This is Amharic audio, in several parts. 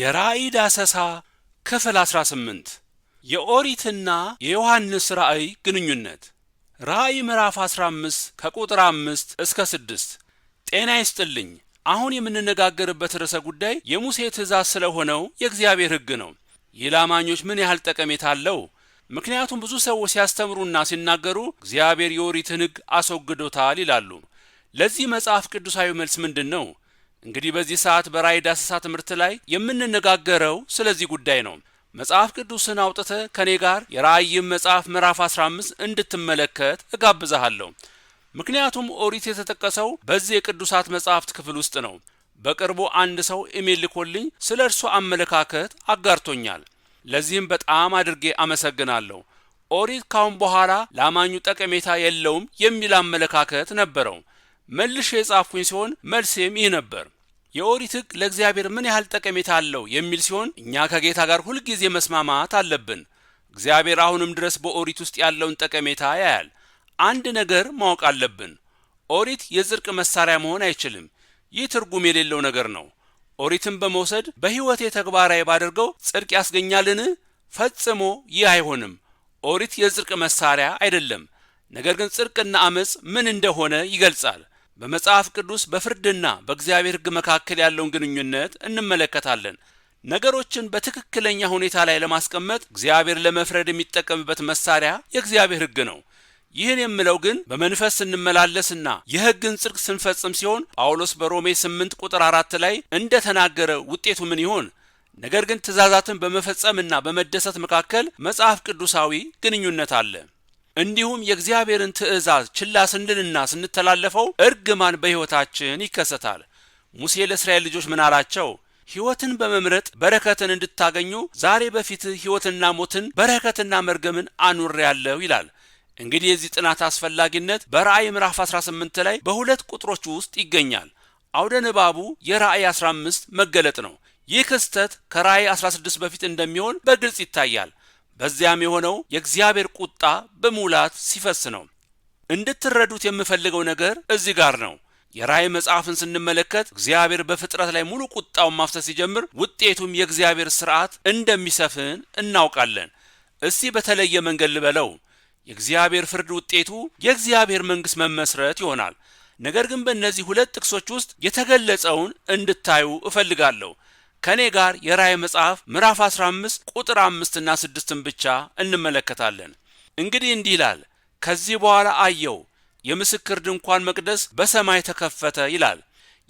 የራእይ ዳሰሳ ክፍል 18 የኦሪትና የዮሐንስ ራእይ ግንኙነት ራእይ ምዕራፍ 15 ከቁጥር 5 እስከ 6 ጤና ይስጥልኝ አሁን የምንነጋገርበት ርዕሰ ጉዳይ የሙሴ ትእዛዝ ስለሆነው የእግዚአብሔር ሕግ ነው ይህ ለአማኞች ምን ያህል ጠቀሜታ አለው ምክንያቱም ብዙ ሰዎች ሲያስተምሩና ሲናገሩ እግዚአብሔር የኦሪትን ሕግ አስወግዶታል ይላሉ ለዚህ መጽሐፍ ቅዱሳዊ መልስ ምንድን ነው እንግዲህ በዚህ ሰዓት በራእይ ዳሰሳ ትምህርት ላይ የምንነጋገረው ስለዚህ ጉዳይ ነው። መጽሐፍ ቅዱስን አውጥተ ከኔ ጋር የራእይም መጽሐፍ ምዕራፍ 15 እንድትመለከት እጋብዛሃለሁ። ምክንያቱም ኦሪት የተጠቀሰው በዚህ የቅዱሳት መጽሐፍት ክፍል ውስጥ ነው። በቅርቡ አንድ ሰው ኢሜል ልኮልኝ ስለ እርሱ አመለካከት አጋርቶኛል። ለዚህም በጣም አድርጌ አመሰግናለሁ። ኦሪት ካሁን በኋላ ለአማኙ ጠቀሜታ የለውም የሚል አመለካከት ነበረው። መልሼ የጻፍኩኝ ሲሆን መልሴም ይህ ነበር። የኦሪት ሕግ ለእግዚአብሔር ምን ያህል ጠቀሜታ አለው የሚል ሲሆን እኛ ከጌታ ጋር ሁልጊዜ መስማማት አለብን። እግዚአብሔር አሁንም ድረስ በኦሪት ውስጥ ያለውን ጠቀሜታ ያያል። አንድ ነገር ማወቅ አለብን። ኦሪት የጽድቅ መሳሪያ መሆን አይችልም። ይህ ትርጉም የሌለው ነገር ነው። ኦሪትን በመውሰድ በሕይወቴ ተግባራዊ ባደርገው ጽድቅ ያስገኛልን? ፈጽሞ ይህ አይሆንም። ኦሪት የጽድቅ መሳሪያ አይደለም። ነገር ግን ጽድቅና አመፅ ምን እንደሆነ ይገልጻል። በመጽሐፍ ቅዱስ በፍርድና በእግዚአብሔር ሕግ መካከል ያለውን ግንኙነት እንመለከታለን። ነገሮችን በትክክለኛ ሁኔታ ላይ ለማስቀመጥ እግዚአብሔር ለመፍረድ የሚጠቀምበት መሳሪያ የእግዚአብሔር ሕግ ነው። ይህን የምለው ግን በመንፈስ ስንመላለስና የሕግን ጽድቅ ስንፈጽም ሲሆን ጳውሎስ በሮሜ 8 ቁጥር 4 ላይ እንደተናገረ ውጤቱ ምን ይሆን? ነገር ግን ትእዛዛትን በመፈጸምና በመደሰት መካከል መጽሐፍ ቅዱሳዊ ግንኙነት አለ። እንዲሁም የእግዚአብሔርን ትእዛዝ ችላ ስንልና ስንተላለፈው እርግማን በሕይወታችን ይከሰታል። ሙሴ ለእስራኤል ልጆች ምን አላቸው? ሕይወትን በመምረጥ በረከትን እንድታገኙ ዛሬ በፊት ሕይወትና ሞትን በረከትና መርገምን አኑሬያለሁ ይላል። እንግዲህ የዚህ ጥናት አስፈላጊነት በራእይ ምዕራፍ 18 ላይ በሁለት ቁጥሮች ውስጥ ይገኛል። አውደ ንባቡ የራእይ 15 መገለጥ ነው። ይህ ክስተት ከራእይ 16 በፊት እንደሚሆን በግልጽ ይታያል። በዚያም የሆነው የእግዚአብሔር ቁጣ በሙላት ሲፈስ ነው። እንድትረዱት የምፈልገው ነገር እዚህ ጋር ነው። የራእይ መጽሐፍን ስንመለከት እግዚአብሔር በፍጥረት ላይ ሙሉ ቁጣውን ማፍሰስ ሲጀምር ውጤቱም የእግዚአብሔር ስርዓት እንደሚሰፍን እናውቃለን። እስቲ በተለየ መንገድ ልበለው፣ የእግዚአብሔር ፍርድ ውጤቱ የእግዚአብሔር መንግሥት መመስረት ይሆናል። ነገር ግን በእነዚህ ሁለት ጥቅሶች ውስጥ የተገለጸውን እንድታዩ እፈልጋለሁ። ከእኔ ጋር የራእይ መጽሐፍ ምዕራፍ 15 ቁጥር አምስትና ስድስትን ብቻ እንመለከታለን። እንግዲህ እንዲህ ይላል፣ ከዚህ በኋላ አየው የምስክር ድንኳን መቅደስ በሰማይ ተከፈተ ይላል።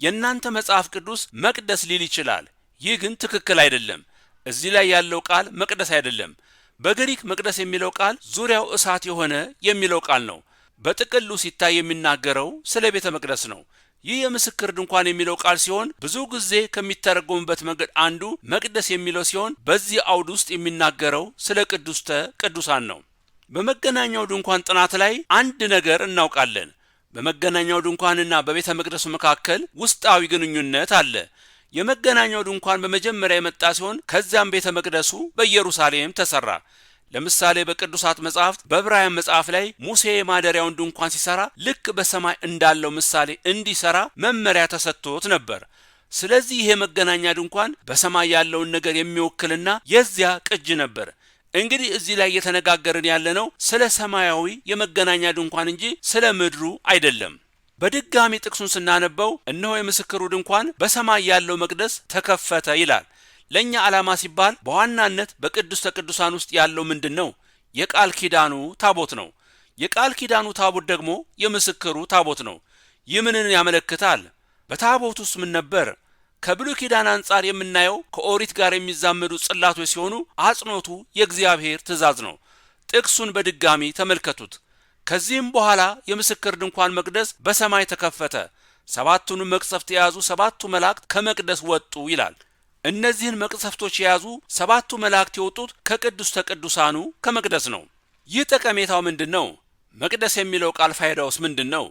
የእናንተ መጽሐፍ ቅዱስ መቅደስ ሊል ይችላል። ይህ ግን ትክክል አይደለም። እዚህ ላይ ያለው ቃል መቅደስ አይደለም። በግሪክ መቅደስ የሚለው ቃል ዙሪያው እሳት የሆነ የሚለው ቃል ነው። በጥቅሉ ሲታይ የሚናገረው ስለ ቤተ መቅደስ ነው። ይህ የምስክር ድንኳን የሚለው ቃል ሲሆን ብዙ ጊዜ ከሚተረጎምበት መንገድ አንዱ መቅደስ የሚለው ሲሆን በዚህ አውድ ውስጥ የሚናገረው ስለ ቅዱስተ ቅዱሳን ነው። በመገናኛው ድንኳን ጥናት ላይ አንድ ነገር እናውቃለን። በመገናኛው ድንኳንና በቤተ መቅደሱ መካከል ውስጣዊ ግንኙነት አለ። የመገናኛው ድንኳን በመጀመሪያ የመጣ ሲሆን ከዚያም ቤተ መቅደሱ በኢየሩሳሌም ተሰራ። ለምሳሌ በቅዱሳት መጽሐፍት በዕብራውያን መጽሐፍ ላይ ሙሴ የማደሪያውን ድንኳን ሲሰራ ልክ በሰማይ እንዳለው ምሳሌ እንዲሰራ መመሪያ ተሰጥቶት ነበር። ስለዚህ ይሄ መገናኛ ድንኳን በሰማይ ያለውን ነገር የሚወክልና የዚያ ቅጅ ነበር። እንግዲህ እዚህ ላይ እየተነጋገርን ያለነው ስለ ሰማያዊ የመገናኛ ድንኳን እንጂ ስለ ምድሩ አይደለም። በድጋሚ ጥቅሱን ስናነበው እነሆ የምስክሩ ድንኳን በሰማይ ያለው መቅደስ ተከፈተ ይላል። ለእኛ ዓላማ ሲባል በዋናነት በቅዱስ ተቅዱሳን ውስጥ ያለው ምንድን ነው? የቃል ኪዳኑ ታቦት ነው። የቃል ኪዳኑ ታቦት ደግሞ የምስክሩ ታቦት ነው። ይህ ምንን ያመለክታል? በታቦት ውስጥ ምን ነበር? ከብሉይ ኪዳን አንጻር የምናየው ከኦሪት ጋር የሚዛመዱ ጽላቶች ሲሆኑ አጽኖቱ የእግዚአብሔር ትእዛዝ ነው። ጥቅሱን በድጋሚ ተመልከቱት። ከዚህም በኋላ የምስክር ድንኳን መቅደስ በሰማይ ተከፈተ፣ ሰባቱንም መቅሰፍት የያዙ ሰባቱ መላእክት ከመቅደስ ወጡ ይላል። እነዚህን መቅሰፍቶች የያዙ ሰባቱ መላእክት የወጡት ከቅዱስተ ቅዱሳኑ ከመቅደስ ነው። ይህ ጠቀሜታው ምንድን ነው? መቅደስ የሚለው ቃል ፋይዳውስ ምንድን ነው?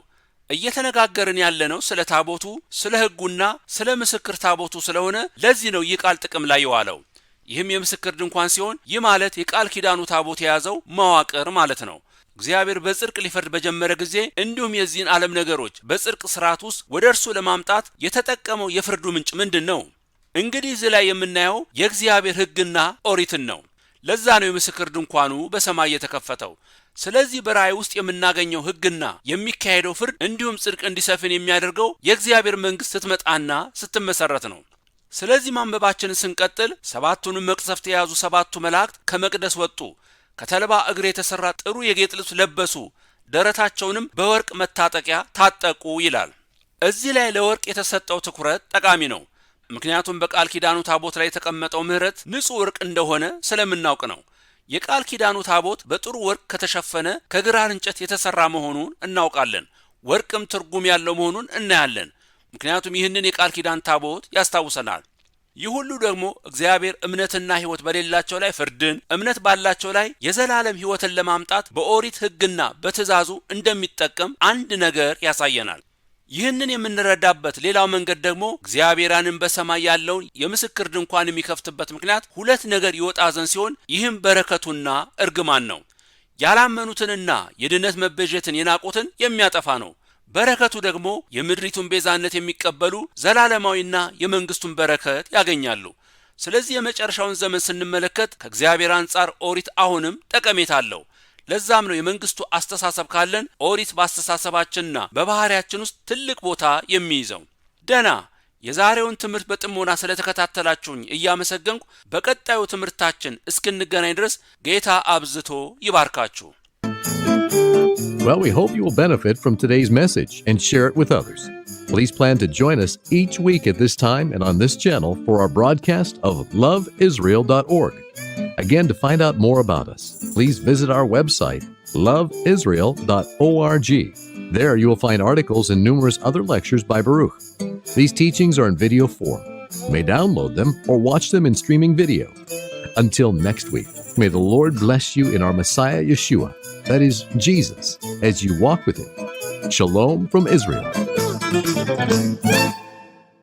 እየተነጋገርን ያለነው ስለ ታቦቱ፣ ስለ ሕጉና ስለ ምስክር ታቦቱ ስለሆነ ለዚህ ነው ይህ ቃል ጥቅም ላይ የዋለው። ይህም የምስክር ድንኳን ሲሆን ይህ ማለት የቃል ኪዳኑ ታቦት የያዘው መዋቅር ማለት ነው። እግዚአብሔር በጽድቅ ሊፈርድ በጀመረ ጊዜ እንዲሁም የዚህን ዓለም ነገሮች በጽድቅ ስርዓት ውስጥ ወደ እርሱ ለማምጣት የተጠቀመው የፍርዱ ምንጭ ምንድን ነው? እንግዲህ እዚህ ላይ የምናየው የእግዚአብሔር ሕግና ኦሪትን ነው። ለዛ ነው የምስክር ድንኳኑ በሰማይ የተከፈተው። ስለዚህ በራእይ ውስጥ የምናገኘው ሕግና የሚካሄደው ፍርድ እንዲሁም ጽድቅ እንዲሰፍን የሚያደርገው የእግዚአብሔር መንግሥት ስትመጣና ስትመሰረት ነው። ስለዚህ ማንበባችንን ስንቀጥል ሰባቱንም መቅሰፍት የያዙ ሰባቱ መላእክት ከመቅደስ ወጡ፣ ከተልባ እግር የተሠራ ጥሩ የጌጥ ልብስ ለበሱ፣ ደረታቸውንም በወርቅ መታጠቂያ ታጠቁ ይላል። እዚህ ላይ ለወርቅ የተሰጠው ትኩረት ጠቃሚ ነው። ምክንያቱም በቃል ኪዳኑ ታቦት ላይ የተቀመጠው ምህረት ንጹሕ እርቅ እንደሆነ ስለምናውቅ ነው። የቃል ኪዳኑ ታቦት በጥሩ ወርቅ ከተሸፈነ ከግራር እንጨት የተሰራ መሆኑን እናውቃለን። ወርቅም ትርጉም ያለው መሆኑን እናያለን። ምክንያቱም ይህንን የቃል ኪዳን ታቦት ያስታውሰናል። ይህ ሁሉ ደግሞ እግዚአብሔር እምነትና ሕይወት በሌላቸው ላይ ፍርድን፣ እምነት ባላቸው ላይ የዘላለም ሕይወትን ለማምጣት በኦሪት ሕግና በትእዛዙ እንደሚጠቀም አንድ ነገር ያሳየናል። ይህንን የምንረዳበት ሌላው መንገድ ደግሞ እግዚአብሔራንን በሰማይ ያለውን የምስክር ድንኳን የሚከፍትበት ምክንያት ሁለት ነገር ይወጣ ዘንድ ሲሆን ይህም በረከቱና እርግማን ነው። ያላመኑትንና የድነት መበጀትን የናቁትን የሚያጠፋ ነው። በረከቱ ደግሞ የምድሪቱን ቤዛነት የሚቀበሉ ዘላለማዊና የመንግስቱን በረከት ያገኛሉ። ስለዚህ የመጨረሻውን ዘመን ስንመለከት ከእግዚአብሔር አንጻር ኦሪት አሁንም ጠቀሜታ አለው። ለዛም ነው የመንግስቱ አስተሳሰብ ካለን ኦሪት በአስተሳሰባችንና በባህሪያችን ውስጥ ትልቅ ቦታ የሚይዘው። ደና የዛሬውን ትምህርት በጥሞና ስለተከታተላችሁኝ እያመሰገንኩ በቀጣዩ ትምህርታችን እስክንገናኝ ድረስ ጌታ አብዝቶ ይባርካችሁ። Well, we hope you will benefit from today's message and share it with others. Please plan to join us each week at this time and on this channel for our broadcast of loveisrael.org. Again, to find out more about us, please visit our website, loveisrael.org. There you will find articles and numerous other lectures by Baruch. These teachings are in video form. You may download them or watch them in streaming video. Until next week, may the Lord bless you in our Messiah Yeshua, that is, Jesus, as you walk with Him. Shalom from Israel.